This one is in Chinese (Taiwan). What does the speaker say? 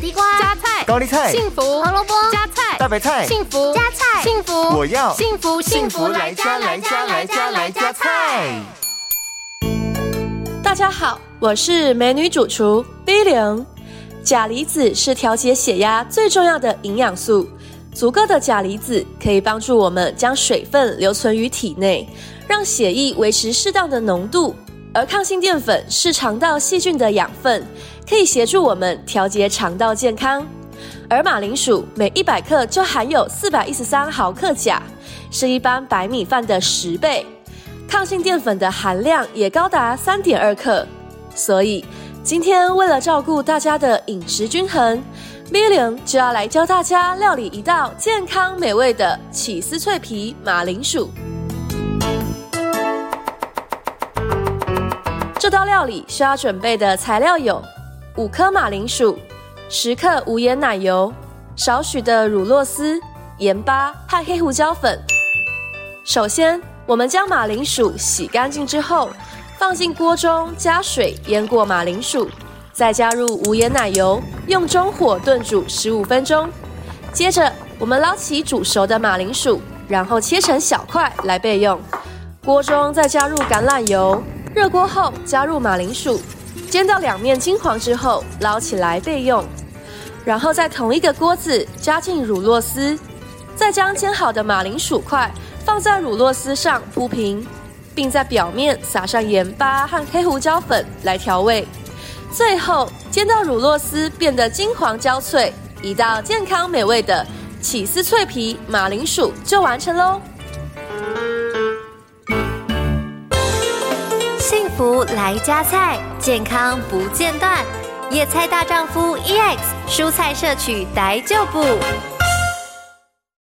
地瓜、加菜，高麗菜，幸福；胡蘿蔔，加菜，大白菜，幸福；加菜，幸福。我要幸福，幸福來加，來加，來加，來加菜。大家好，我是美女主廚 V 零。鉀離子是調節血壓最重要的營養素，足夠的鉀離子可以幫助我們將水分留存於體內，讓血液維持適當的濃度。而抗性澱粉是腸道細菌的養分，可以協助我們調節腸道健康。而馬鈴薯每一百克就含有四百一十三毫克鉀，是一般白米飯的十倍。抗性澱粉的含量也高達三點二克。所以，今天為了照顧大家的飲食均衡，Million 就要來教大家料理一道健康美味的起司脆皮馬鈴薯。這道料理需要準備的材料有五顆馬鈴薯、十克無鹽奶油、少許的乳酪絲、鹽巴和黑胡椒粉。首先，我們將馬鈴薯洗乾淨之後，放進鍋中加水淹過馬鈴薯，再加入無鹽奶油，用中火燉煮十五分鐘。接着，我們撈起煮熟的馬鈴薯，然後切成小塊來備用。鍋中再加入橄欖油。熱鍋後，加入馬鈴薯，煎到兩面金黃之後，撈起來備用。然後在同一個鍋子加進乳酪絲，再將煎好的馬鈴薯塊放在乳酪絲上鋪平，並在表面撒上鹽巴和黑胡椒粉來調味。最後煎到乳酪絲變得金黃焦脆，一道健康美味的起司脆皮馬鈴薯就完成囉。來加菜，健康不間斷。野菜大丈夫 EX，蔬菜攝取，來就補。